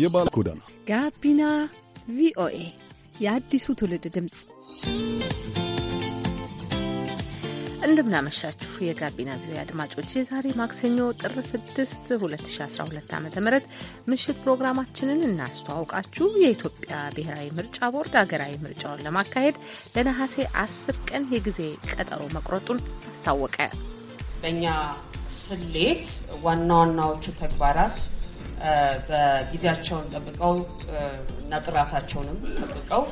የባለ ጎዳና ጋቢና ቪኦኤ የአዲሱ ትውልድ ድምፅ። እንደምናመሻችሁ የጋቢና ቪኦኤ አድማጮች፣ የዛሬ ማክሰኞ ጥር 6 2012 ዓ ም ምሽት ፕሮግራማችንን እናስተዋውቃችሁ። የኢትዮጵያ ብሔራዊ ምርጫ ቦርድ ሀገራዊ ምርጫውን ለማካሄድ ለነሐሴ 10 ቀን የጊዜ ቀጠሮ መቁረጡን አስታወቀ። በእኛ ስሌት ዋና ዋናዎቹ ተግባራት በጊዜያቸውን ጠብቀው እና ጥራታቸውንም ጠብቀው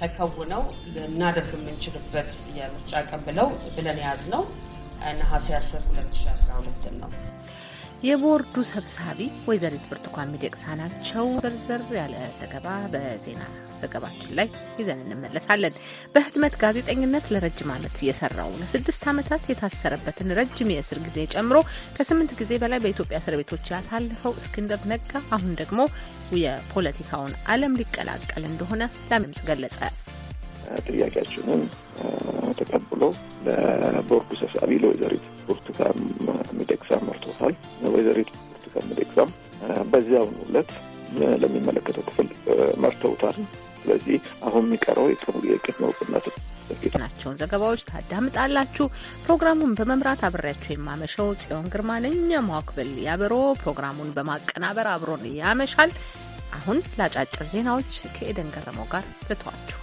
ተከውነው ልናደርግ የምንችልበት የምርጫ ቀን ብለው ብለን የያዝነው ነሐሴ 10 2012 ነው። የቦርዱ ሰብሳቢ ወይዘሪት ብርቱካን ሚደቅሳ ናቸው። ዘርዘር ያለ ዘገባ በዜና ዘገባችን ላይ ይዘን እንመለሳለን። በህትመት ጋዜጠኝነት ለረጅም ዓመት የሰራው ለስድስት ዓመታት የታሰረበትን ረጅም የእስር ጊዜ ጨምሮ ከስምንት ጊዜ በላይ በኢትዮጵያ እስር ቤቶች ያሳለፈው እስክንድር ነጋ አሁን ደግሞ የፖለቲካውን ዓለም ሊቀላቀል እንደሆነ ለምምጽ ገለጸ። ጥያቄያችንን ተቀብሎ ለቦርዱ ሰብሳቢ ለወይዘሪት ብርቱካን ሚደቅሳ መርቶታል። ወይዘሪት ብርቱካን ሚደቅሳም በዚያው ዕለት ለሚመለከተው ክፍል መርተውታል። ስለዚህ አሁን የሚቀረው የጥሩ የቅድመ እውቅና ናቸውን ዘገባዎች ታዳምጣላችሁ። ፕሮግራሙን በመምራት አብሬያችሁ የማመሸው ጽዮን ግርማ ነኝ። ማክብል ያበሮ ፕሮግራሙን በማቀናበር አብሮን ያመሻል። አሁን ለአጫጭር ዜናዎች ከኤደን ገረመው ጋር ልተዋችሁ።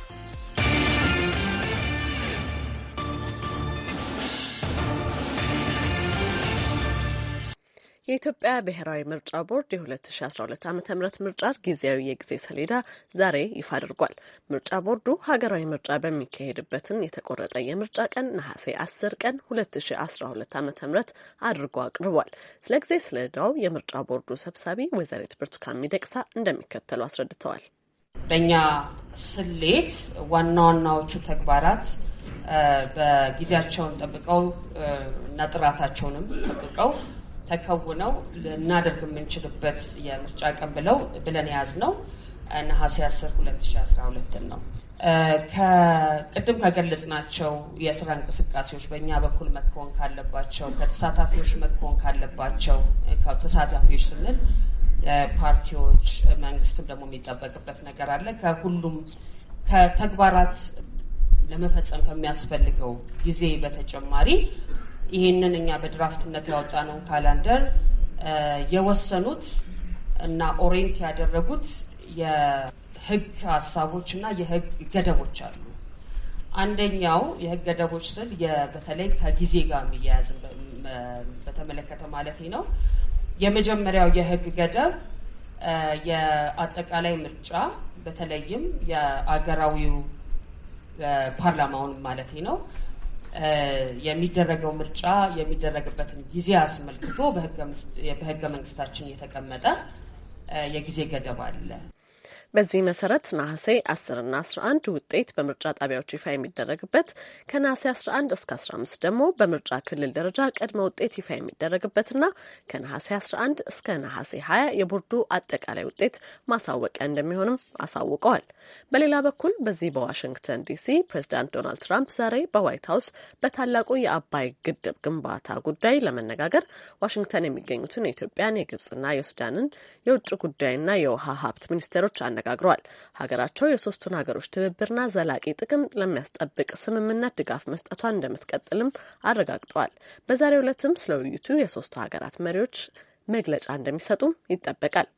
የኢትዮጵያ ብሔራዊ ምርጫ ቦርድ የ2012 ዓ ም ምርጫ ጊዜያዊ የጊዜ ሰሌዳ ዛሬ ይፋ አድርጓል። ምርጫ ቦርዱ ሀገራዊ ምርጫ በሚካሄድበትን የተቆረጠ የምርጫ ቀን ነሐሴ 10 ቀን 2012 ዓ ም አድርጎ አቅርቧል። ስለ ጊዜ ሰሌዳው የምርጫ ቦርዱ ሰብሳቢ ወይዘሪት ብርቱካን ሚደቅሳ እንደሚከተሉ አስረድተዋል። በእኛ ስሌት ዋና ዋናዎቹ ተግባራት በጊዜያቸውን ጠብቀው እና ጥራታቸውንም ጠብቀው ተከውነው ልናደርግ የምንችልበት የምርጫ ቀን ብለው ብለን የያዝ ነው ነሐሴ 10 2012 ነው። ከቅድም ከገለጽናቸው የስራ እንቅስቃሴዎች በእኛ በኩል መከወን ካለባቸው ከተሳታፊዎች መከወን ካለባቸው ተሳታፊዎች ስንል ፓርቲዎች፣ መንግስትም ደግሞ የሚጠበቅበት ነገር አለ። ከሁሉም ከተግባራት ለመፈጸም ከሚያስፈልገው ጊዜ በተጨማሪ ይህንን እኛ በድራፍትነት ያወጣነው ካላንደር የወሰኑት እና ኦሬንት ያደረጉት የህግ ሀሳቦች እና የህግ ገደቦች አሉ። አንደኛው የህግ ገደቦች ስል በተለይ ከጊዜ ጋር የሚያያዝ በተመለከተ ማለት ነው። የመጀመሪያው የህግ ገደብ የአጠቃላይ ምርጫ በተለይም የአገራዊው ፓርላማውን ማለት ነው የሚደረገው ምርጫ የሚደረግበትን ጊዜ አስመልክቶ በህገ መንግስታችን የተቀመጠ የጊዜ ገደብ አለ። በዚህ መሰረት ነሐሴ 10ና 11 ውጤት በምርጫ ጣቢያዎች ይፋ የሚደረግበት ከነሐሴ 11 እስከ 15 ደግሞ በምርጫ ክልል ደረጃ ቅድመ ውጤት ይፋ የሚደረግበትና ከነሐሴ 11 እስከ ነሐሴ 20 የቦርዱ አጠቃላይ ውጤት ማሳወቂያ እንደሚሆንም አሳውቀዋል። በሌላ በኩል በዚህ በዋሽንግተን ዲሲ ፕሬዚዳንት ዶናልድ ትራምፕ ዛሬ በዋይት ሀውስ በታላቁ የአባይ ግድብ ግንባታ ጉዳይ ለመነጋገር ዋሽንግተን የሚገኙትን የኢትዮጵያን፣ የግብጽና የሱዳንን የውጭ ጉዳይና የውሃ ሀብት ሚኒስቴሮች አነ ተነጋግሯል። ሀገራቸው የሶስቱን ሀገሮች ትብብርና ዘላቂ ጥቅም ለሚያስጠብቅ ስምምነት ድጋፍ መስጠቷን እንደምትቀጥልም አረጋግጠዋል። በዛሬው ዕለትም ስለ ውይይቱ የሶስቱ ሀገራት መሪዎች መግለጫ እንደሚሰጡም ይጠበቃል።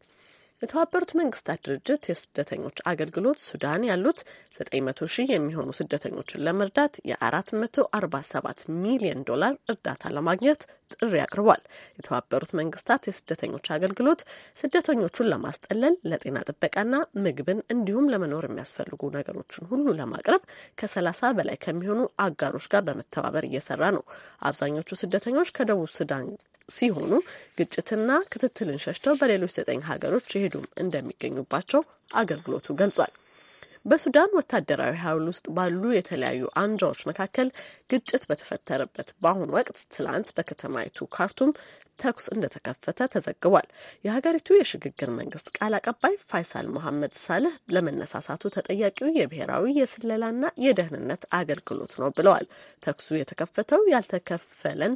የተባበሩት መንግስታት ድርጅት የስደተኞች አገልግሎት ሱዳን ያሉት 900 ሺህ የሚሆኑ ስደተኞችን ለመርዳት የ447 ሚሊዮን ዶላር እርዳታ ለማግኘት ጥሪ አቅርቧል። የተባበሩት መንግስታት የስደተኞች አገልግሎት ስደተኞቹን ለማስጠለል ለጤና ጥበቃና ምግብን እንዲሁም ለመኖር የሚያስፈልጉ ነገሮችን ሁሉ ለማቅረብ ከ30 በላይ ከሚሆኑ አጋሮች ጋር በመተባበር እየሰራ ነው። አብዛኞቹ ስደተኞች ከደቡብ ሱዳን ሲሆኑ ግጭትና ክትትልን ሸሽተው በሌሎች ዘጠኝ ሀገሮች የሄዱም እንደሚገኙባቸው አገልግሎቱ ገልጿል። በሱዳን ወታደራዊ ኃይል ውስጥ ባሉ የተለያዩ አንጃዎች መካከል ግጭት በተፈጠረበት በአሁኑ ወቅት ትላንት በከተማይቱ ካርቱም ተኩስ እንደተከፈተ ተዘግቧል። የሀገሪቱ የሽግግር መንግስት ቃል አቀባይ ፋይሳል መሐመድ ሳልህ ለመነሳሳቱ ተጠያቂው የብሔራዊ የስለላና የደህንነት አገልግሎት ነው ብለዋል። ተኩሱ የተከፈተው ያልተከፈለን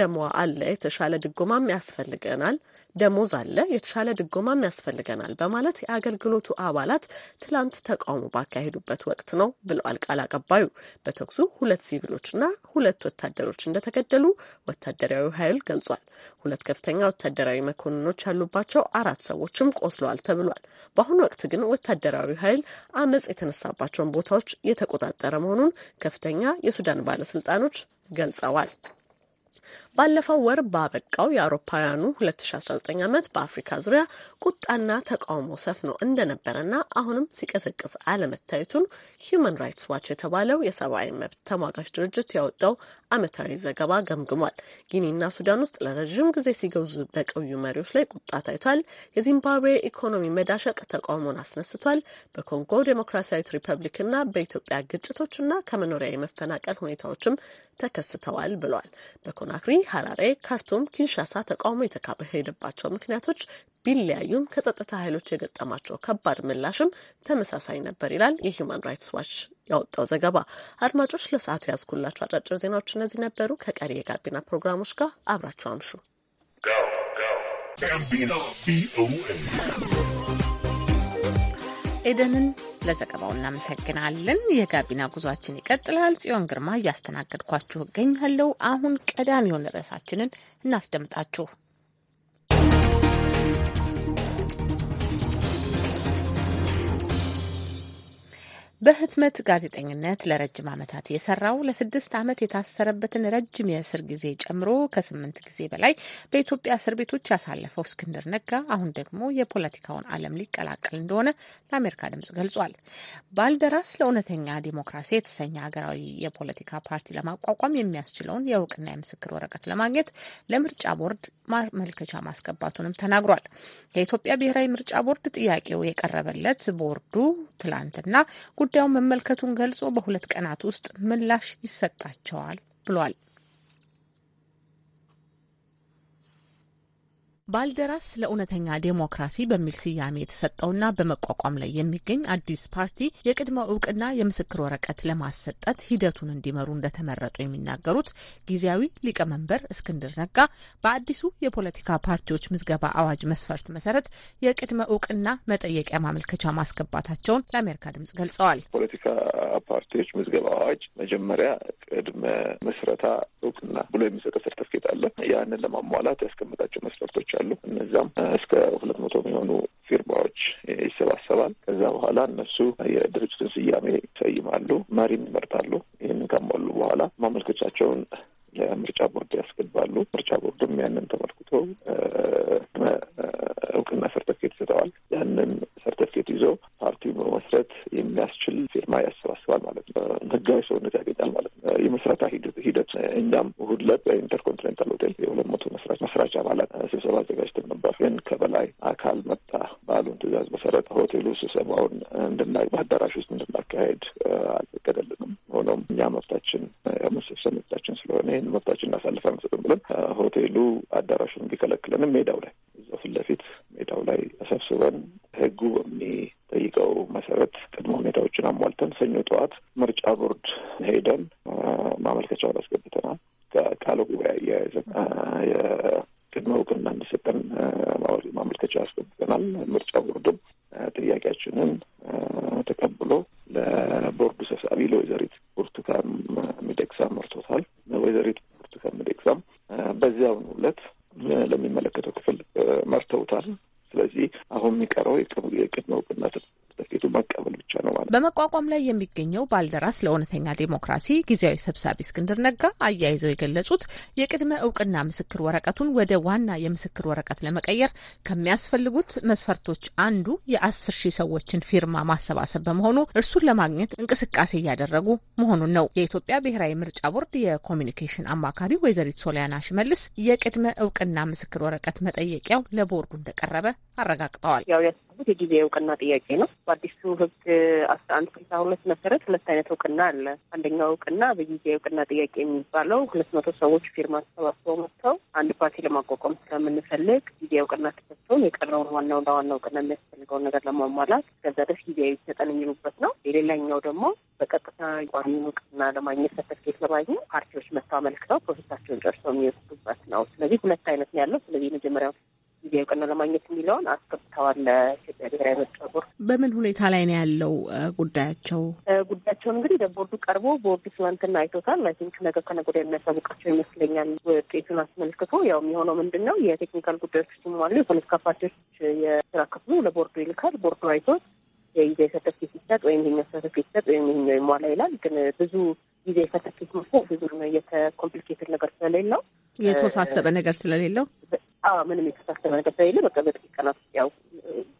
ደሞ አለ፣ የተሻለ ድጎማም ያስፈልገናል ደሞዝ አለ፣ የተሻለ ድጎማም ያስፈልገናል በማለት የአገልግሎቱ አባላት ትላንት ተቃውሞ ባካሄዱበት ወቅት ነው ብለዋል ቃል አቀባዩ። በተኩሱ ሁለት ሲቪሎችና ሁለት ወታደሮች እንደተገደሉ ወታደራዊ ኃይል ገልጿል። ሁለት ከፍተኛ ወታደራዊ መኮንኖች ያሉባቸው አራት ሰዎችም ቆስለዋል ተብሏል። በአሁኑ ወቅት ግን ወታደራዊ ኃይል አመጽ የተነሳባቸውን ቦታዎች የተቆጣጠረ መሆኑን ከፍተኛ የሱዳን ባለስልጣኖች ገልጸዋል። ባለፈው ወር ባበቃው የአውሮፓውያኑ 2019 ዓመት በአፍሪካ ዙሪያ ቁጣና ተቃውሞ ሰፍኖ እንደነበረና አሁንም ሲቀሰቅስ አለመታየቱን ሂዩማን ራይትስ ዋች የተባለው የሰብአዊ መብት ተሟጋች ድርጅት ያወጣው ዓመታዊ ዘገባ ገምግሟል። ጊኒና ሱዳን ውስጥ ለረዥም ጊዜ ሲገዙ በቆዩ መሪዎች ላይ ቁጣ ታይቷል። የዚምባብዌ ኢኮኖሚ መዳሸቅ ተቃውሞን አስነስቷል። በኮንጎ ዴሞክራሲያዊት ሪፐብሊክና በኢትዮጵያ ግጭቶችና ከመኖሪያ የመፈናቀል ሁኔታዎችም ተከስተዋል ብሏል። በኮናክሪ፣ ሀራሬ፣ ካርቱም፣ ኪንሻሳ ተቃውሞ የተካሄደባቸው ምክንያቶች ቢለያዩም ከጸጥታ ኃይሎች የገጠማቸው ከባድ ምላሽም ተመሳሳይ ነበር ይላል የሂዩማን ራይትስ ዋች ያወጣው ዘገባ። አድማጮች ለሰዓቱ ያዝኩላቸው አጫጭር ዜናዎች እነዚህ ነበሩ። ከቀሪ የጋቢና ፕሮግራሞች ጋር አብራችሁ አምሹ። ኤደንን ለዘገባው እናመሰግናለን። የጋቢና ጉዟችን ይቀጥላል። ጽዮን ግርማ እያስተናገድኳችሁ እገኛለሁ። አሁን ቀዳሚውን ርዕሳችንን እናስደምጣችሁ። በህትመት ጋዜጠኝነት ለረጅም ዓመታት የሰራው ለስድስት ዓመት የታሰረበትን ረጅም የእስር ጊዜ ጨምሮ ከስምንት ጊዜ በላይ በኢትዮጵያ እስር ቤቶች ያሳለፈው እስክንድር ነጋ አሁን ደግሞ የፖለቲካውን ዓለም ሊቀላቀል እንደሆነ ለአሜሪካ ድምጽ ገልጿል። ባልደራስ ለእውነተኛ ዲሞክራሲ የተሰኘ ሀገራዊ የፖለቲካ ፓርቲ ለማቋቋም የሚያስችለውን የእውቅና የምስክር ወረቀት ለማግኘት ለምርጫ ቦርድ ማመልከቻ ማስገባቱንም ተናግሯል። የኢትዮጵያ ብሔራዊ ምርጫ ቦርድ ጥያቄው የቀረበለት ቦርዱ ትላንትና ጉዳዩን መመልከቱን ገልጾ በሁለት ቀናት ውስጥ ምላሽ ይሰጣቸዋል ብሏል። ባልደራስ ለእውነተኛ ዴሞክራሲ በሚል ስያሜ የተሰጠውና በመቋቋም ላይ የሚገኝ አዲስ ፓርቲ የቅድመ እውቅና የምስክር ወረቀት ለማሰጠት ሂደቱን እንዲመሩ እንደተመረጡ የሚናገሩት ጊዜያዊ ሊቀመንበር እስክንድር ነጋ በአዲሱ የፖለቲካ ፓርቲዎች ምዝገባ አዋጅ መስፈርት መሰረት የቅድመ እውቅና መጠየቂያ ማመልከቻ ማስገባታቸውን ለአሜሪካ ድምጽ ገልጸዋል። ፖለቲካ ፓርቲዎች ምዝገባ አዋጅ መጀመሪያ ቅድመ ምስረታ እውቅና ብሎ የሚሰጠ ሰርተፍኬት አለ። ያንን ለማሟላት ያስቀምጣቸው መስፈርቶች አሉ። እነዚያም እስከ ሁለት መቶ የሚሆኑ ፊርማዎች ይሰባሰባል። ከዛ በኋላ እነሱ የድርጅቱን ስያሜ ይሰይማሉ፣ መሪም ይመርጣሉ። ይህንን ካሟሉ በኋላ ማመልከቻቸውን ለምርጫ ቦርድ ያስገባሉ። ምርጫ ቦርድም ያንን ተመልክቶ እውቅና ሰርተፍኬት ይሰጠዋል። ያንን ሰርተፍኬት ይዞ ፓርቲው በመስረት የሚያስችል ፊርማ ያሰባስባል ማለት ነው። ህጋዊ ሰውነት ያገኛል ማለት ነው። የመስረታ ሂደት እኛም እሑድ ዕለት በኢንተርኮንቲኔንታል ሆቴል የሁለት መቶ መስራች መስራች አባላት ስብሰባ አዘጋጅተን ነበር። ግን ከበላይ አካል መጣ ባሉን ትዕዛዝ መሰረት ሆቴሉ ስብሰባውን እንድና በአዳራሽ ውስጥ እንድናካሄድ አልፈቀደልንም። ሆኖም እኛ መብታችን መሰብሰብ መብታችን ስለሆነ ይህን መብታችን እናሳልፍ አንሰጥም ብለን ሆቴሉ አዳራሹን ቢከለክለንም ሜዳው ላይ እዛው ፊት ለፊት ሜዳው ላይ ተሰብስበን በተቋም ላይ የሚገኘው ባልደራስ ለእውነተኛ ዴሞክራሲ ጊዜያዊ ሰብሳቢ እስክንድር ነጋ አያይዘው የገለጹት የቅድመ እውቅና ምስክር ወረቀቱን ወደ ዋና የምስክር ወረቀት ለመቀየር ከሚያስፈልጉት መስፈርቶች አንዱ የአስር ሺህ ሰዎችን ፊርማ ማሰባሰብ በመሆኑ እርሱን ለማግኘት እንቅስቃሴ እያደረጉ መሆኑን ነው። የኢትዮጵያ ብሔራዊ ምርጫ ቦርድ የኮሚኒኬሽን አማካሪ ወይዘሪት ሶሊያና ሽመልስ የቅድመ እውቅና ምስክር ወረቀት መጠየቂያው ለቦርዱ እንደቀረበ አረጋግጠዋል። የሚያቀርቡት የጊዜ እውቅና ጥያቄ ነው። በአዲሱ ህግ አስራ አንድ ስልሳ ሁለት መሰረት ሁለት አይነት እውቅና አለ። አንደኛው እውቅና በጊዜ እውቅና ጥያቄ የሚባለው ሁለት መቶ ሰዎች ፊርማ ተሰባስበው መጥተው አንድ ፓርቲ ለማቋቋም ስለምንፈልግ ጊዜ እውቅና ተሰጥቶን የቀረውን ዋናው ለዋና እውቅና የሚያስፈልገውን ነገር ለማሟላት ከዛ ደስ ጊዜያዊ ይሰጠን የሚሉበት ነው። የሌላኛው ደግሞ በቀጥታ ቋሚ እውቅና ለማግኘት ሰርተፍኬት ለማግኘት ፓርቲዎች መጥተው አመልክተው ፕሮሰሳቸውን ጨርሰው የሚወስዱበት ነው። ስለዚህ ሁለት አይነት ነው ያለው። ስለዚህ መጀመሪያው ጊዜ እውቅና ለማግኘት የሚለውን አስገብተዋል ለኢትዮጵያ ብሔራዊ ምርጫ ቦርድ። በምን ሁኔታ ላይ ነው ያለው ጉዳያቸው? ጉዳያቸውን እንግዲህ ለቦርዱ ቀርቦ ቦርዱ ትናንትና አይቶታል። አይ ቲንክ ነገ ከነገ ወዲያ የሚያሳውቃቸው ይመስለኛል። ውጤቱን አስመልክቶ ያው የሚሆነው ምንድን ነው የቴክኒካል ጉዳዮች ሲሟሉ የፖለቲካ ፓርቲዎች የስራ ክፍሉ ለቦርዱ ይልካል። ቦርዱ አይቶት የጊዜ ሰርተፊኬት ይሰጥ ወይም ይህኛው ሰርተፊኬት ይሰጥ ወይም ይህኛው ይሟላ ይላል። ግን ብዙ ጊዜ ሰርተፊኬት መስ ብዙ የተኮምፕሊኬትድ ነገር ስለሌለው የተወሳሰበ ነገር ስለሌለው ምንም የተሳሰበ ነገር ስለሌለ በቃ በጥቂት ቀናት ያው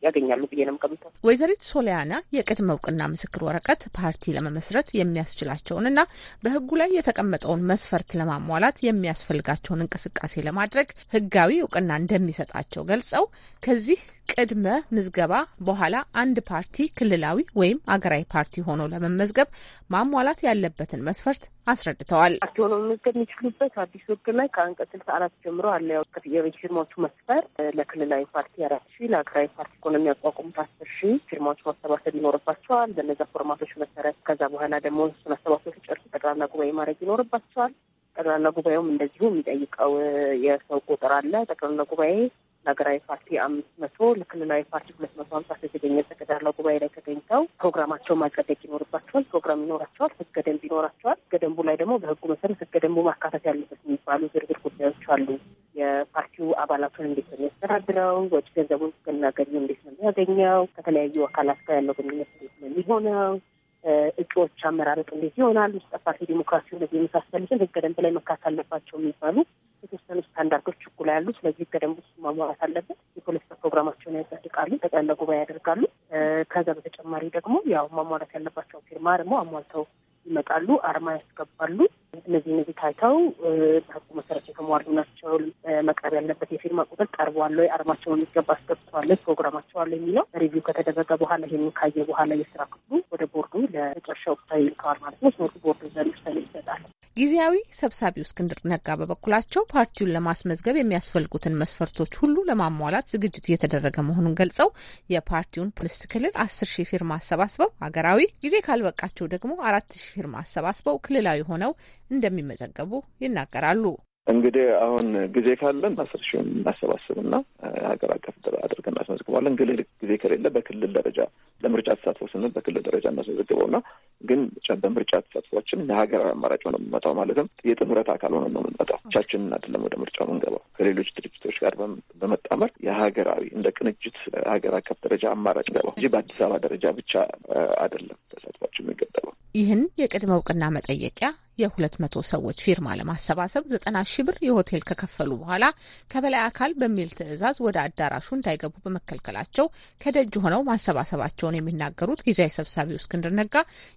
ያገኛሉ ብዬ ነው ቀምጠ ወይዘሪት ሶሊያና የቅድመ እውቅና ምስክር ወረቀት ፓርቲ ለመመስረት የሚያስችላቸውን የሚያስችላቸውንና በህጉ ላይ የተቀመጠውን መስፈርት ለማሟላት የሚያስፈልጋቸውን እንቅስቃሴ ለማድረግ ህጋዊ እውቅና እንደሚሰጣቸው ገልጸው ከዚህ ቅድመ ምዝገባ በኋላ አንድ ፓርቲ ክልላዊ ወይም አገራዊ ፓርቲ ሆኖ ለመመዝገብ ማሟላት ያለበትን መስፈርት አስረድተዋል። ፓርቲ ሆኖ መመዝገብ የሚችሉበት አዲስ ሕግ ላይ ከአንቀጽ ስልሳ አራት ጀምሮ አለ። ያው የፊርማዎቹ መስፈርት ለክልላዊ ፓርቲ አራት ሺ ለአገራዊ ፓርቲ ሆኖ የሚያቋቁሙት አስር ሺ ፊርማዎች ማሰባሰብ ይኖርባቸዋል። በነዚ ፎርማቶች መሰረት ከዛ በኋላ ደግሞ እሱን አሰባሰብ ሲጨርሱ ጠቅላላ ጉባኤ ማድረግ ይኖርባቸዋል። ጠቅላላ ጉባኤውም እንደዚሁ የሚጠይቀው የሰው ቁጥር አለ። ጠቅላላ ጉባኤ ለሀገራዊ ፓርቲ አምስት መቶ ለክልላዊ ፓርቲ ሁለት መቶ ሀምሳ የተገኘ ጠቅላላ ጉባኤ ላይ ተገኝተው ፕሮግራማቸውን ማጸደቅ ይኖርባቸዋል። ፕሮግራም ይኖራቸዋል። ህገ ደንብ ይኖራቸዋል። ህገ ደንቡ ላይ ደግሞ በህጉ መሰረት ህገ ደንቡ ማካተት ያለበት የሚባሉ ዝርዝር ጉዳዮች አሉ። የፓርቲው አባላቱን እንዴት ነው የሚያስተዳድረው? ወጪ ገንዘቡን ስናገኘው እንዴት ነው የሚያገኘው? ከተለያዩ አካላት ጋር ያለው ግንኙነት እንዴት ነው የሚሆነው? እጩዎች አመራረጥ እንዴት ይሆናል፣ ውስጥ ፓርቲ ዲሞክራሲ፣ እንደዚህ የመሳሰሉትን ህገ ደንብ ላይ መካት አለባቸው የሚባሉ የተወሰኑ ስታንዳርዶች ችኩ ላይ ያሉ። ስለዚህ ህገ ደንብ ውስጥ ማሟላት አለበት። የፖለቲካ ፕሮግራማቸውን ያጸድቃሉ፣ ጠቅላላ ጉባኤ ያደርጋሉ። ከዛ በተጨማሪ ደግሞ ያው ማሟላት ያለባቸው ፊርማ ደግሞ አሟልተው ይመጣሉ፣ አርማ ያስገባሉ። እነዚህ እነዚህ ታይተው በህጉ መሰረት የተሟሉ ናቸው፣ መቅረብ ያለበት የፊርማ ቁጥር ቀርቧል ወይ፣ አርማቸውን የሚገባ አስገብተዋል ወይ፣ የሚለው ሪቪው ከተደረገ በኋላ ይህንን ካየ በኋላ የስራ ክፍሉ ወደ ቦርዱ ለመጨረሻ ወቅታዊ ይልከዋል ማለት ነው። ስኖርቱ ቦርዱ ዘንድ ጊዜያዊ ሰብሳቢው እስክንድር ነጋ በበኩላቸው ፓርቲውን ለማስመዝገብ የሚያስፈልጉትን መስፈርቶች ሁሉ ለማሟላት ዝግጅት እየተደረገ መሆኑን ገልጸው የፓርቲውን ፖሊስ ክልል አስር ሺህ ፊርማ አሰባስበው ሀገራዊ ጊዜ ካልበቃቸው ደግሞ አራት ሺህ ፊርማ አሰባስበው ክልላዊ ሆነው እንደሚመዘገቡ ይናገራሉ። እንግዲህ አሁን ጊዜ ካለን አስር ሺውን እናሰባስብና ሀገር አቀፍ አድርገን እናስመዝግበዋለን። ግን ጊዜ ከሌለ በክልል ደረጃ ለምርጫ ተሳትፎ ስንል በክልል ደረጃ እናስመዘግበውና ግን በምርጫ ተሳትፏችን የሀገራዊ አማራጭ ሆነ የምንመጣው ማለትም የጥምረት አካል ሆነ ነው የምንመጣው። ብቻችንን አይደለም ወደ ምርጫው የምንገባው ከሌሎች ድርጅቶች ጋር በመጣመር የሀገራዊ እንደ ቅንጅት ሀገር አቀፍ ደረጃ አማራጭ ገባው እንጂ በአዲስ አበባ ደረጃ ብቻ አይደለም ተሳትፏችን የሚገጠበው። ይህን የቅድመ እውቅና መጠየቂያ የ200 ሰዎች ፊርማ ለማሰባሰብ 90 ሺህ ብር የሆቴል ከከፈሉ በኋላ ከበላይ አካል በሚል ትዕዛዝ ወደ አዳራሹ እንዳይገቡ በመከልከላቸው ከደጅ ሆነው ማሰባሰባቸውን የሚናገሩት ጊዜያዊ ሰብሳቢው እስክንድር ነጋ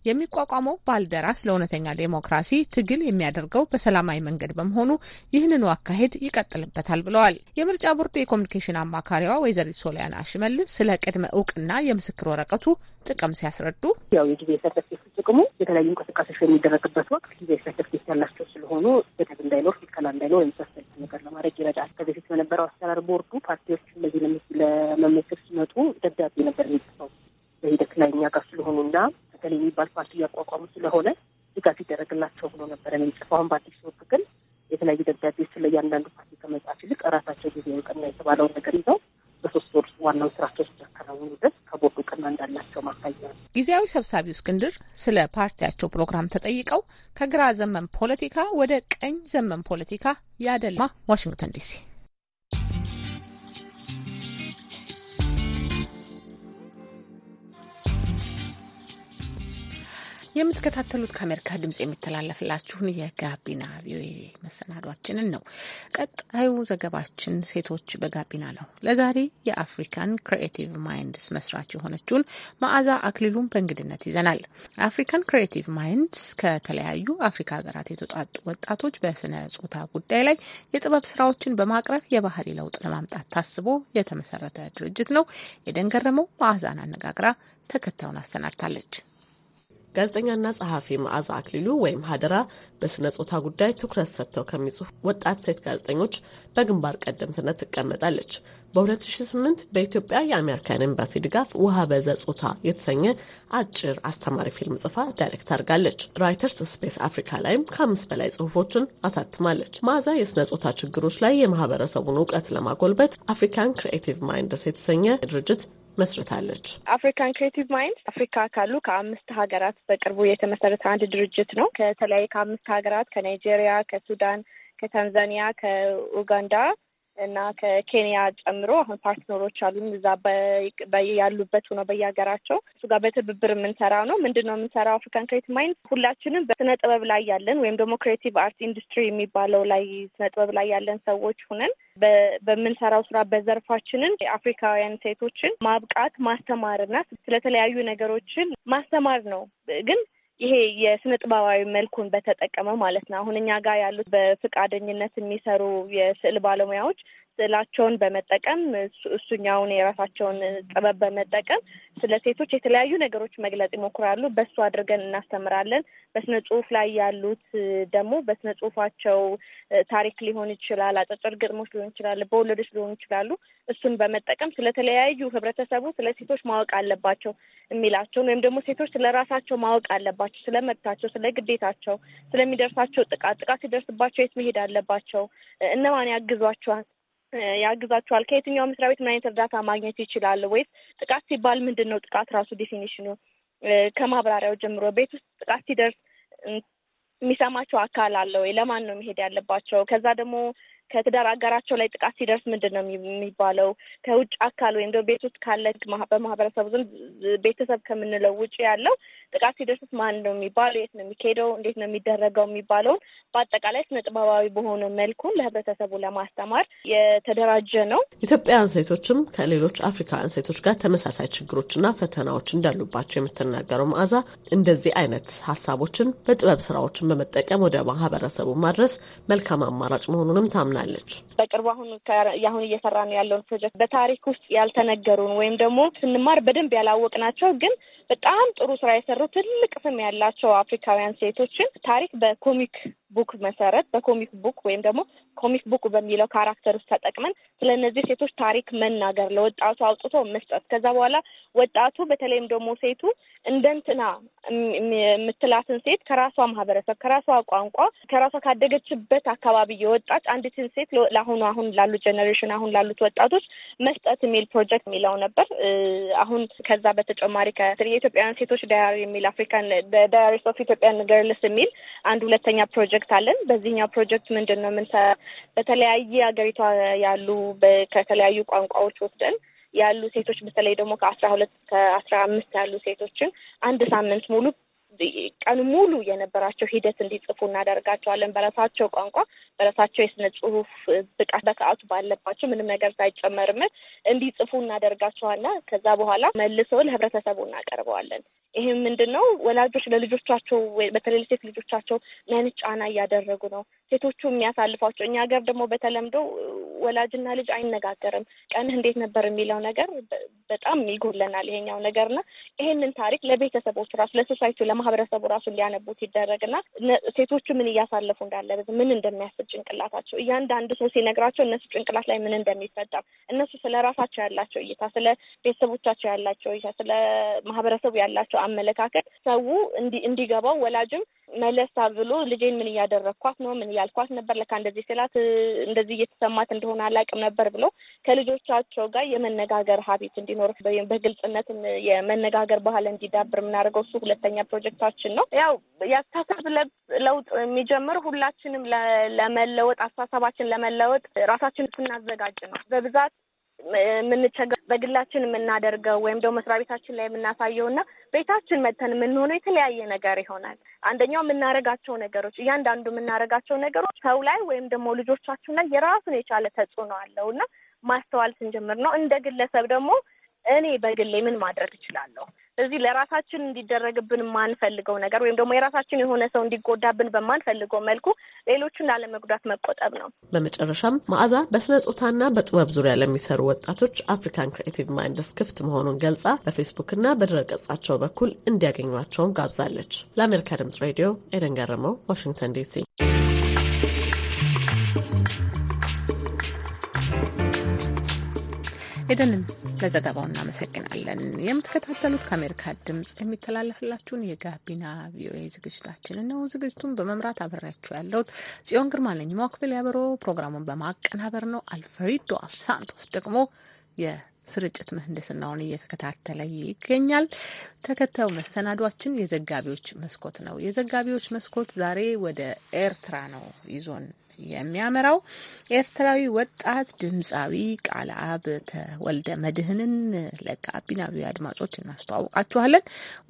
የሚቋቋመው ባልደራስ ለእውነተኛ ዴሞክራሲ ትግል የሚያደርገው በሰላማዊ መንገድ በመሆኑ ይህንኑ አካሄድ ይቀጥልበታል ብለዋል። የምርጫ ቦርድ የኮሚኒኬሽን አማካሪዋ ወይዘሪት ሶሊያና ሽመልስ ስለ ቅድመ እውቅና የምስክር ወረቀቱ ጥቅም ሲያስረዱ ያው የጊዜ ጥቅሙ የተለያዩ እንቅስቃሴዎች በሚደረግበት ወቅት ጊዜ ሰርተፊኬት ያላቸው ስለሆኑ ገደብ እንዳይኖር ክልከላ እንዳይኖር የመሳሰሉት ነገር ለማድረግ ይረዳል። ከበፊት በነበረው አሰራር ቦርዱ ፓርቲዎች እነዚህ ለመመስር ሲመጡ ደብዳቤ ነበር የሚጽፈው በሂደት ላይ እኛ ጋር ስለሆኑ እና በተለይ የሚባል ፓርቲ እያቋቋሙ ስለሆነ ድጋፍ ይደረግላቸው ብሎ ነበረ ነው የሚጽፈው። አሁን በአዲስ ወቅ ግን የተለያዩ ደብዳቤ ስለ እያንዳንዱ ፓርቲ ከመጽሐፍ ይልቅ ራሳቸው ጊዜ ቀና የተባለውን ነገር ይዘው በሶስት ወር ዋናው ስራቸው ሲያከናውኑ ድረስ ከቦ አቅም እንዳላቸው ማሳያ ነው። ጊዜያዊ ሰብሳቢው እስክንድር ስለ ፓርቲያቸው ፕሮግራም ተጠይቀው ከግራ ዘመን ፖለቲካ ወደ ቀኝ ዘመን ፖለቲካ ያደላ ዋሽንግተን ዲሲ የምትከታተሉት ከአሜሪካ ድምጽ የሚተላለፍላችሁን የጋቢና ቪኦኤ መሰናዷችንን ነው። ቀጣዩ ዘገባችን ሴቶች በጋቢና ነው። ለዛሬ የአፍሪካን ክሪኤቲቭ ማይንድስ መስራች የሆነችውን መዓዛ አክሊሉን በእንግድነት ይዘናል። አፍሪካን ክሪኤቲቭ ማይንድስ ከተለያዩ አፍሪካ ሀገራት የተውጣጡ ወጣቶች በስነ ጾታ ጉዳይ ላይ የጥበብ ስራዎችን በማቅረብ የባህሪ ለውጥ ለማምጣት ታስቦ የተመሰረተ ድርጅት ነው። የደንገረመው ገረመው መዓዛን አነጋግራ ተከታዩን አሰናድታለች። ጋዜጠኛና ጸሐፊ መዓዛ አክሊሉ ወይም ሀደራ በስነ ጾታ ጉዳይ ትኩረት ሰጥተው ከሚጽፉ ወጣት ሴት ጋዜጠኞች በግንባር ቀደምትነት ትቀመጣለች። በ2008 በኢትዮጵያ የአሜሪካን ኤምባሲ ድጋፍ ውሃ በዘ ጾታ የተሰኘ አጭር አስተማሪ ፊልም ጽፋ ዳይሬክት አድርጋለች። ራይተርስ ስፔስ አፍሪካ ላይም ከአምስት በላይ ጽሁፎችን አሳትማለች። መዓዛ የስነ ጾታ ችግሮች ላይ የማህበረሰቡን እውቀት ለማጎልበት አፍሪካን ክሪኤቲቭ ማይንድስ የተሰኘ ድርጅት መስርታለች። አፍሪካን ክሬቲቭ ማይንድ አፍሪካ ካሉ ከአምስት ሀገራት በቅርቡ የተመሰረተ አንድ ድርጅት ነው። ከተለያዩ ከአምስት ሀገራት ከናይጄሪያ፣ ከሱዳን፣ ከታንዛኒያ፣ ከኡጋንዳ እና ከኬንያ ጨምሮ አሁን ፓርትነሮች አሉን እዛ ያሉበት ሆነው በየሀገራቸው እሱ ጋር በትብብር የምንሰራ ነው። ምንድን ነው የምንሰራው? አፍሪካን ክሬት ማይንድ ሁላችንም በስነ ጥበብ ላይ ያለን ወይም ደግሞ ክሬቲቭ አርት ኢንዱስትሪ የሚባለው ላይ ስነ ጥበብ ላይ ያለን ሰዎች ሁነን በምንሰራው ስራ በዘርፋችንን አፍሪካውያን ሴቶችን ማብቃት ማስተማርና ስለተለያዩ ነገሮችን ማስተማር ነው ግን ይሄ የስነ ጥበባዊ መልኩን በተጠቀመ ማለት ነው። አሁን እኛ ጋር ያሉት በፈቃደኝነት የሚሰሩ የስዕል ባለሙያዎች ስዕላቸውን በመጠቀም እሱኛውን የራሳቸውን ጥበብ በመጠቀም ስለ ሴቶች የተለያዩ ነገሮች መግለጽ ይሞክራሉ። በሱ አድርገን እናስተምራለን። በስነ ጽሁፍ ላይ ያሉት ደግሞ በስነ ጽሁፋቸው ታሪክ ሊሆን ይችላል፣ አጫጭር ግጥሞች ሊሆን ይችላል፣ በወለዶች ሊሆኑ ይችላሉ። እሱን በመጠቀም ስለተለያዩ ህብረተሰቡ ስለ ሴቶች ማወቅ አለባቸው የሚላቸውን ወይም ደግሞ ሴቶች ስለ ራሳቸው ማወቅ አለባቸው፣ ስለ መብታቸው፣ ስለ ግዴታቸው፣ ስለሚደርሳቸው ጥቃት ጥቃት ሲደርስባቸው የት መሄድ አለባቸው፣ እነማን ያግዟቸዋል ያግዛችኋል? ከየትኛው መስሪያ ቤት ምን አይነት እርዳታ ማግኘት ይችላል? ወይስ ጥቃት ሲባል ምንድን ነው? ጥቃት ራሱ ዴፊኒሽኑ ከማብራሪያው ጀምሮ ቤት ውስጥ ጥቃት ሲደርስ የሚሰማቸው አካል አለ ወይ? ለማን ነው መሄድ ያለባቸው? ከዛ ደግሞ ከትዳር አጋራቸው ላይ ጥቃት ሲደርስ ምንድን ነው የሚባለው? ከውጭ አካል ወይም ደግሞ ቤት ውስጥ ካለ በማህበረሰቡ ዘንድ ቤተሰብ ከምንለው ውጭ ያለው ጥቃት ሲደርስ ማን ነው የሚባለው? የት ነው የሚካሄደው? እንዴት ነው የሚደረገው? የሚባለውን በአጠቃላይ ስነ ጥበባዊ በሆነ መልኩ ለህብረተሰቡ ለማስተማር የተደራጀ ነው። ኢትዮጵያውያን ሴቶችም ከሌሎች አፍሪካውያን ሴቶች ጋር ተመሳሳይ ችግሮችና ፈተናዎች እንዳሉባቸው የምትናገረው መዓዛ እንደዚህ አይነት ሀሳቦችን በጥበብ ስራዎችን በመጠቀም ወደ ማህበረሰቡ ማድረስ መልካም አማራጭ መሆኑንም ታምናል። ታምናለች። በቅርቡ አሁን አሁን እየሰራ ነው ያለውን ፕሮጀክት በታሪክ ውስጥ ያልተነገሩን ወይም ደግሞ ስንማር በደንብ ያላወቅናቸው ግን በጣም ጥሩ ስራ የሰሩ ትልቅ ስም ያላቸው አፍሪካውያን ሴቶችን ታሪክ በኮሚክ ቡክ መሰረት በኮሚክ ቡክ ወይም ደግሞ ኮሚክ ቡክ በሚለው ካራክተር ውስጥ ተጠቅመን ስለ እነዚህ ሴቶች ታሪክ መናገር፣ ለወጣቱ አውጥቶ መስጠት፣ ከዛ በኋላ ወጣቱ በተለይም ደግሞ ሴቱ እንደንትና የምትላትን ሴት ከራሷ ማህበረሰብ፣ ከራሷ ቋንቋ፣ ከራሷ ካደገችበት አካባቢ የወጣች አንዲትን ሴት ለአሁኑ አሁን ላሉት ጀኔሬሽን አሁን ላሉት ወጣቶች መስጠት የሚል ፕሮጀክት የሚለው ነበር። አሁን ከዛ በተጨማሪ የኢትዮጵያውያን ሴቶች ዳያሪ የሚል አፍሪካን ዳያሪስ ኦፍ ኢትዮጵያን ገርልስ የሚል አንድ ሁለተኛ ፕሮጀክት ፕሮጀክት አለን። በዚህኛው ፕሮጀክት ምንድን ነው የምንሰ በተለያየ ሀገሪቷ ያሉ ከተለያዩ ቋንቋዎች ወስደን ያሉ ሴቶች በተለይ ደግሞ ከአስራ ሁለት ከአስራ አምስት ያሉ ሴቶችን አንድ ሳምንት ሙሉ ቀን ሙሉ የነበራቸው ሂደት እንዲጽፉ እናደርጋቸዋለን። በራሳቸው ቋንቋ በራሳቸው የስነ ጽሁፍ ብቃት በሰዓቱ ባለባቸው ምንም ነገር ሳይጨመርበት እንዲጽፉ እናደርጋቸዋና ከዛ በኋላ መልሰው ለህብረተሰቡ እናቀርበዋለን። ይህም ምንድን ነው ወላጆች ለልጆቻቸው በተለይ ሴት ልጆቻቸው ምን ጫና እያደረጉ ነው፣ ሴቶቹ የሚያሳልፏቸው እኛ ሀገር ደግሞ በተለምዶ ወላጅና ልጅ አይነጋገርም። ቀንህ እንዴት ነበር የሚለው ነገር በጣም ይጎለናል ይሄኛው ነገርና ይሄንን ታሪክ ለቤተሰቦች ራሱ ለሶሳይቲው ለማህበረሰቡ ራሱ እንዲያነቡት ይደረግና ሴቶቹ ምን እያሳለፉ እንዳለ ምን እንደሚያስብ ጭንቅላታቸው እያንዳንዱ ሰው ሲነግራቸው እነሱ ጭንቅላት ላይ ምን እንደሚፈጠር እነሱ ስለ ራሳቸው ያላቸው እይታ፣ ስለ ቤተሰቦቻቸው ያላቸው እይታ፣ ስለ ማህበረሰቡ ያላቸው አመለካከት ሰው እንዲገባው ወላጅም መለስ ብሎ ልጄን ምን እያደረግኳት ነው ምን ያልኳት ነበር። ለካ እንደዚህ ስላት እንደዚህ እየተሰማት እንደሆነ አላውቅም ነበር ብሎ ከልጆቻቸው ጋር የመነጋገር ሀቢት እንዲኖር በግልጽነትም የመነጋገር ባህል እንዲዳብር የምናደርገው እሱ ሁለተኛ ፕሮጀክታችን ነው። ያው የአስተሳሰብ ለውጥ የሚጀምር ሁላችንም ለመለወጥ አስተሳሰባችን ለመለወጥ ራሳችን ስናዘጋጅ ነው በብዛት የምንቸገር በግላችን የምናደርገው ወይም ደግሞ መስሪያ ቤታችን ላይ የምናሳየው እና ቤታችን መተን የምንሆነው የተለያየ ነገር ይሆናል። አንደኛው የምናደርጋቸው ነገሮች እያንዳንዱ የምናደርጋቸው ነገሮች ሰው ላይ ወይም ደግሞ ልጆቻችን ላይ የራሱን የቻለ ተጽዕኖ አለው እና ማስተዋል ስንጀምር ነው። እንደ ግለሰብ ደግሞ እኔ በግሌ ምን ማድረግ እችላለሁ? እዚህ ለራሳችን እንዲደረግብን የማንፈልገው ነገር ወይም ደግሞ የራሳችን የሆነ ሰው እንዲጎዳብን በማንፈልገው መልኩ ሌሎቹን ላለመጉዳት መቆጠብ ነው። በመጨረሻም መዓዛ በስነ ጾታና በጥበብ ዙሪያ ለሚሰሩ ወጣቶች አፍሪካን ክሬቲቭ ማይንድስ ክፍት መሆኑን ገልጻ በፌስቡክና በድረ ገጻቸው በኩል እንዲያገኟቸውን ጋብዛለች። ለአሜሪካ ድምጽ ሬዲዮ ኤደን ገረመው፣ ዋሽንግተን ዲሲ ሄደንን ለዘገባው እናመሰግናለን። የምትከታተሉት ከአሜሪካ ድምጽ የሚተላለፍላችሁን የጋቢና ቪኦኤ ዝግጅታችን ነው። ዝግጅቱን በመምራት አብሬያችሁ ያለሁት ጽዮን ግርማ ነኝ። ሞክቢል ያበሮ ፕሮግራሙን በማቀናበር ነው። አልፍሬዶ አልሳንቶስ ደግሞ የስርጭት ምህንድስናውን እየተከታተለ ይገኛል። ተከታዩ መሰናዷችን የዘጋቢዎች መስኮት ነው። የዘጋቢዎች መስኮት ዛሬ ወደ ኤርትራ ነው ይዞን የሚያመራው ኤርትራዊ ወጣት ድምፃዊ ቃለአብ ተወልደ መድህንን ለጋቢናዊ አድማጮች እናስተዋውቃችኋለን።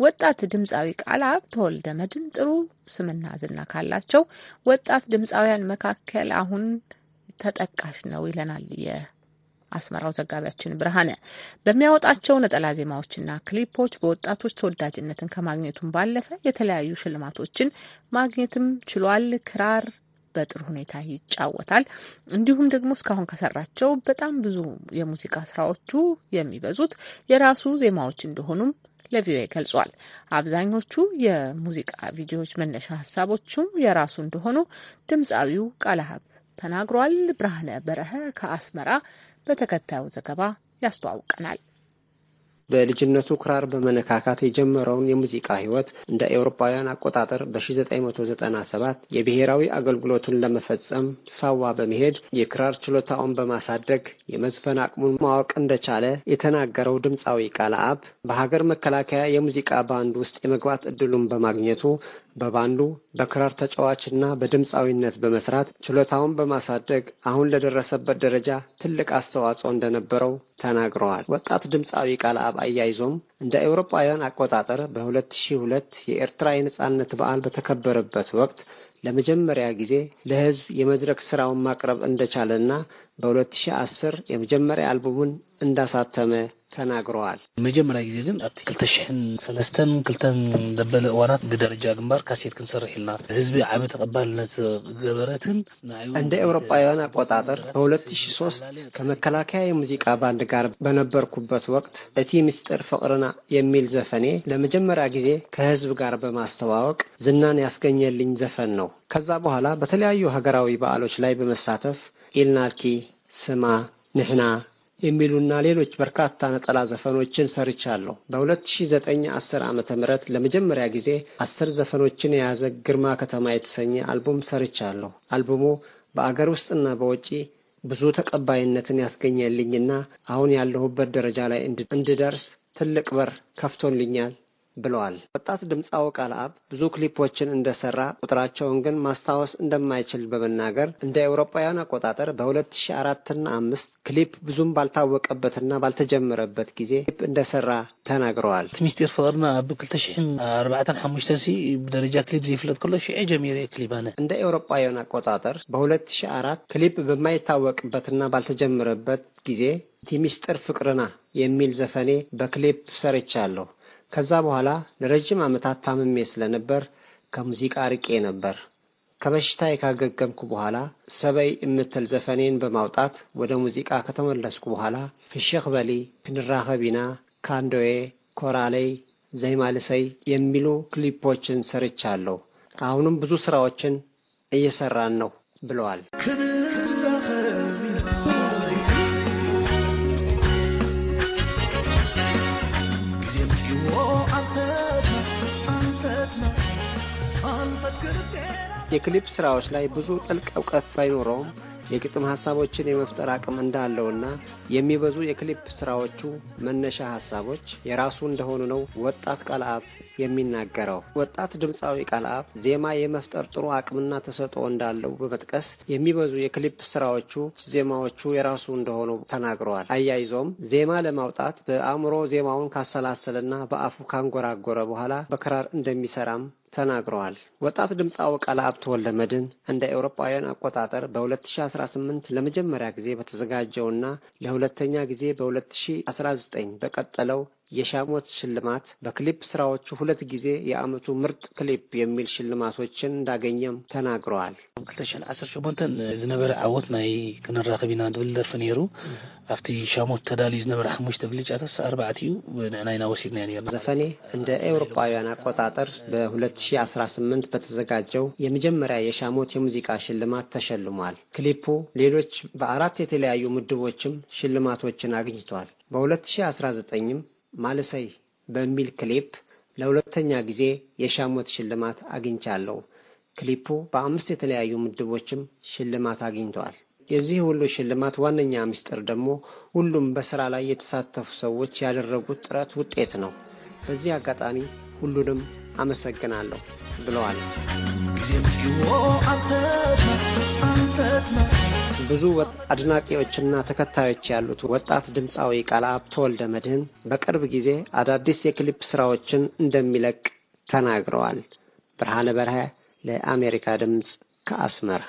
ወጣት ድምፃዊ ቃለአብ ተወልደ መድህን ጥሩ ስምና ዝና ካላቸው ወጣት ድምፃውያን መካከል አሁን ተጠቃሽ ነው ይለናል አስመራው ዘጋቢያችን ብርሃነ በሚያወጣቸው ነጠላ ዜማዎችና ክሊፖች በወጣቶች ተወዳጅነትን ከማግኘቱም ባለፈ የተለያዩ ሽልማቶችን ማግኘትም ችሏል። ክራር በጥሩ ሁኔታ ይጫወታል። እንዲሁም ደግሞ እስካሁን ከሰራቸው በጣም ብዙ የሙዚቃ ስራዎቹ የሚበዙት የራሱ ዜማዎች እንደሆኑም ለቪኦኤ ገልጿል። አብዛኞቹ የሙዚቃ ቪዲዮዎች መነሻ ሀሳቦቹም የራሱ እንደሆኑ ድምፃዊው ቃለሀብ ተናግሯል። ብርሃነ በረሀ ከአስመራ በተከታዩ ዘገባ ያስተዋውቀናል። በልጅነቱ ክራር በመነካካት የጀመረውን የሙዚቃ ህይወት እንደ ኤውሮፓውያን አቆጣጠር በ1997 የብሔራዊ አገልግሎቱን ለመፈጸም ሳዋ በመሄድ የክራር ችሎታውን በማሳደግ የመዝፈን አቅሙን ማወቅ እንደቻለ የተናገረው ድምፃዊ ቃለአብ በሀገር መከላከያ የሙዚቃ ባንድ ውስጥ የመግባት እድሉን በማግኘቱ በባንዱ በክራር ተጫዋችና በድምፃዊነት በመስራት ችሎታውን በማሳደግ አሁን ለደረሰበት ደረጃ ትልቅ አስተዋጽኦ እንደነበረው ተናግረዋል። ወጣት ድምፃዊ ቃል አብ አያይዞም እንደ አውሮፓውያን አቆጣጠር በ2002 የኤርትራ የነፃነት በዓል በተከበረበት ወቅት ለመጀመሪያ ጊዜ ለሕዝብ የመድረክ ስራውን ማቅረብ እንደቻለና በ2010 የመጀመሪያ አልበሙን እንዳሳተመ ተናግረዋል። መጀመሪያ ጊዜ ግን ኣብቲ ክልተ ሽሕን ሰለስተን ክልተን ዘበለ እዋናት ብደረጃ ግንባር ካሴት ክንሰርሕ ኢልና ህዝቢ ዓብ ተቐባልነት ገበረትን እንደ ኤውሮጳውያን አቆጣጠር በ2003 ከመከላከያ የሙዚቃ ባንድ ጋር በነበርኩበት ወቅት እቲ ምስጢር ፍቅርና የሚል ዘፈኔ ለመጀመሪያ ጊዜ ከህዝብ ጋር በማስተዋወቅ ዝናን ያስገኘልኝ ዘፈን ነው። ከዛ በኋላ በተለያዩ ሀገራዊ በዓሎች ላይ በመሳተፍ ኢልናልኪ፣ ስማ፣ ንሕና የሚሉና ሌሎች በርካታ ነጠላ ዘፈኖችን ሰርቻለሁ። በ2009 10 ዓመተ ለመጀመሪያ ጊዜ አስር ዘፈኖችን የያዘ ግርማ ከተማ የተሰኘ አልቡም ሰርቻለሁ። አልቡሙ በአገር ውስጥና በውጪ ብዙ ተቀባይነትን ያስገኘልኝና አሁን ያለሁበት ደረጃ ላይ እንድደርስ ትልቅ በር ከፍቶልኛል ብለዋል። ወጣት ድምፃዊ አብ ብዙ ክሊፖችን እንደሰራ ቁጥራቸውን ግን ማስታወስ እንደማይችል በመናገር እንደ አውሮፓውያን አቆጣጠር በ2004 እና አምስት ክሊፕ ብዙም ባልታወቀበትና ባልተጀመረበት ጊዜ ክሊፕ እንደሰራ ተናግረዋል። ሚስጢር ፍቅርና ብ2004 ብደረጃ ክሊፕ ዘይፍለጥ ከሎ ሽዑ ጀሚረ ክሊፕ ኣነ እንደ አውሮፓውያን አቆጣጠር በ2004 ክሊፕ በማይታወቅበትና ባልተጀመረበት ጊዜ እቲ ሚስጢር ፍቅርና የሚል ዘፈኔ በክሊፕ ሰርቻለሁ። ከዛ በኋላ ለረጅም ዓመታት ታምሜ ስለነበር ከሙዚቃ ርቄ ነበር። ከበሽታ ካገገምኩ በኋላ ሰበይ የምትል ዘፈኔን በማውጣት ወደ ሙዚቃ ከተመለስኩ በኋላ ፍሽኽ በሊ፣ ክንራኸቢና፣ ካንዶዬ፣ ኮራለይ፣ ዘይማልሰይ የሚሉ ክሊፖችን ሰርቻለሁ። አሁንም ብዙ ስራዎችን እየሰራን ነው ብለዋል። የክሊፕ ስራዎች ላይ ብዙ ጥልቅ እውቀት ባይኖረውም የግጥም ሀሳቦችን የመፍጠር አቅም እንዳለውና የሚበዙ የክሊፕ ስራዎቹ መነሻ ሀሳቦች የራሱ እንደሆኑ ነው ወጣት ቃልአብ የሚናገረው። ወጣት ድምፃዊ ቃልአብ ዜማ የመፍጠር ጥሩ አቅምና ተሰጥኦ እንዳለው በመጥቀስ የሚበዙ የክሊፕ ስራዎቹ ዜማዎቹ የራሱ እንደሆኑ ተናግረዋል። አያይዞም ዜማ ለማውጣት በአእምሮ ዜማውን ካሰላሰለና በአፉ ካንጎራጎረ በኋላ በክራር እንደሚሰራም ተናግረዋል። ወጣት ድምፃዊ ወልደ መድን እንደ ኤውሮጳውያን አቆጣጠር በ2018 ለመጀመሪያ ጊዜ በተዘጋጀውና ለሁለተኛ ጊዜ በ2019 በቀጠለው የሻሞት ሽልማት በክሊፕ ስራዎቹ ሁለት ጊዜ የአመቱ ምርጥ ክሊፕ የሚል ሽልማቶችን እንዳገኘም ተናግረዋል። ሸሞንተን ዝነበረ ዓወት ናይ ክንራኸብ ኢና ዝብል ደርፊ ነይሩ ኣብቲ ሻሞት ተዳልዩ ዝነበረ ሓሙሽተ ብልጫታስ ኣርባዕት እዩ ናይና ወሲድና ነርና ዘፈኔ እንደ ኤውሮጳውያን አቆጣጠር በ2018 በተዘጋጀው የመጀመሪያ የሻሞት የሙዚቃ ሽልማት ተሸልሟል። ክሊፑ ሌሎች በአራት የተለያዩ ምድቦችም ሽልማቶችን አግኝቷል። በ2019ም ማለሰይ በሚል ክሊፕ ለሁለተኛ ጊዜ የሻሞት ሽልማት አግኝቻለሁ። ክሊፑ በአምስት የተለያዩ ምድቦችም ሽልማት አግኝተዋል። የዚህ ሁሉ ሽልማት ዋነኛ ምስጢር ደግሞ ሁሉም በሥራ ላይ የተሳተፉ ሰዎች ያደረጉት ጥረት ውጤት ነው። በዚህ አጋጣሚ ሁሉንም አመሰግናለሁ ብለዋል። ብዙ አድናቂዎችና ተከታዮች ያሉት ወጣት ድምፃዊ ቃለአብ ወልደ መድህን በቅርብ ጊዜ አዳዲስ የክሊፕ ስራዎችን እንደሚለቅ ተናግረዋል። ብርሃነ በርሀ ለአሜሪካ ድምፅ ከአስመራ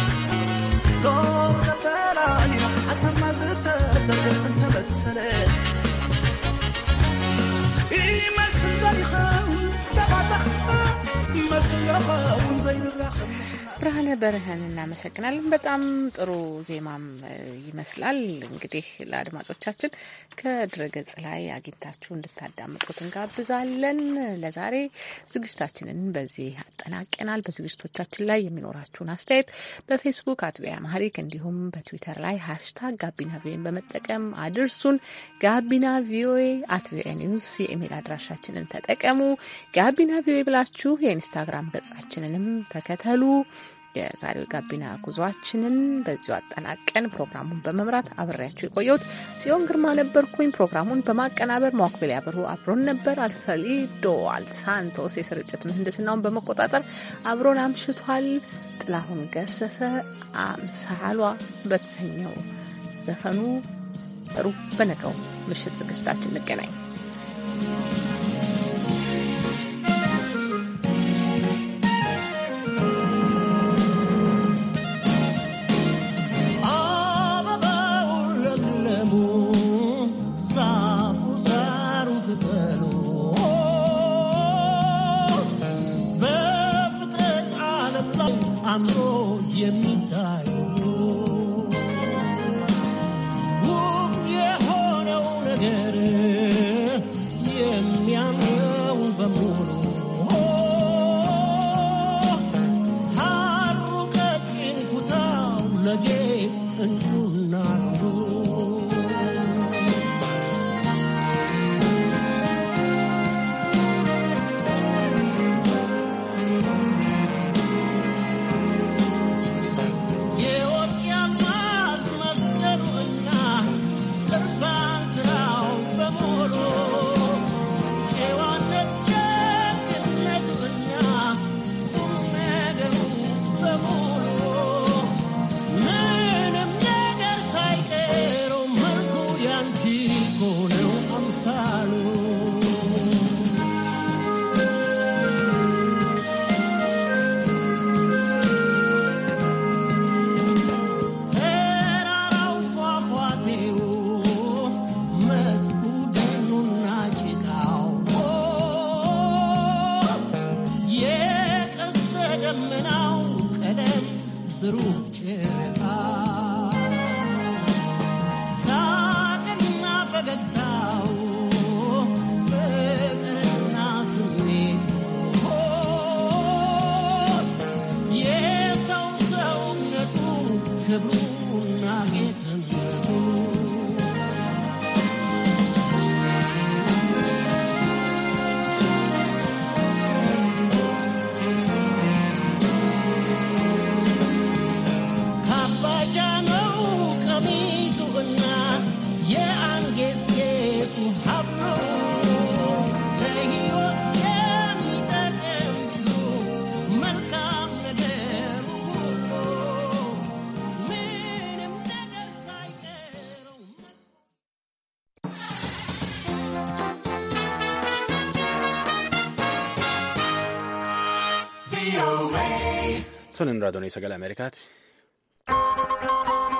I'm ብርሃነ በርህን እናመሰግናለን። በጣም ጥሩ ዜማም ይመስላል። እንግዲህ ለአድማጮቻችን ከድረገጽ ላይ አግኝታችሁ እንድታዳምጡት እንጋብዛለን። ለዛሬ ዝግጅታችንን በዚህ አጠናቀናል። በዝግጅቶቻችን ላይ የሚኖራችሁን አስተያየት በፌስቡክ አት ቪኦኤ አማሪክ እንዲሁም በትዊተር ላይ ሀሽታግ ጋቢና ቪኦኤን በመጠቀም አድርሱን። ጋቢና ቪኦኤ አት ቪኦኤ ኒውስ የኢሜል አድራሻችንን ተጠቀሙ። ጋቢና ቪኦኤ ብላችሁ የኢንስታግራም ገጻችንንም ተከተሉ። የዛሬው ጋቢና ጉዟችንን በዚሁ አጠናቀን ፕሮግራሙን በመምራት አብሬያችሁ የቆየሁት ጽዮን ግርማ ነበርኩኝ። ፕሮግራሙን በማቀናበር ማክቤል ያብሩ አብሮን ነበር። አልፈሊዶ አልሳንቶስ የስርጭት ምህንድስናውን በመቆጣጠር አብሮን አምሽቷል። ጥላሁን ገሰሰ አምሳሏ በተሰኘው ዘፈኑ ሩ በነገው ምሽት ዝግጅታችን እንገናኝ። kan irraa dooniin sagalee Ameerikaati.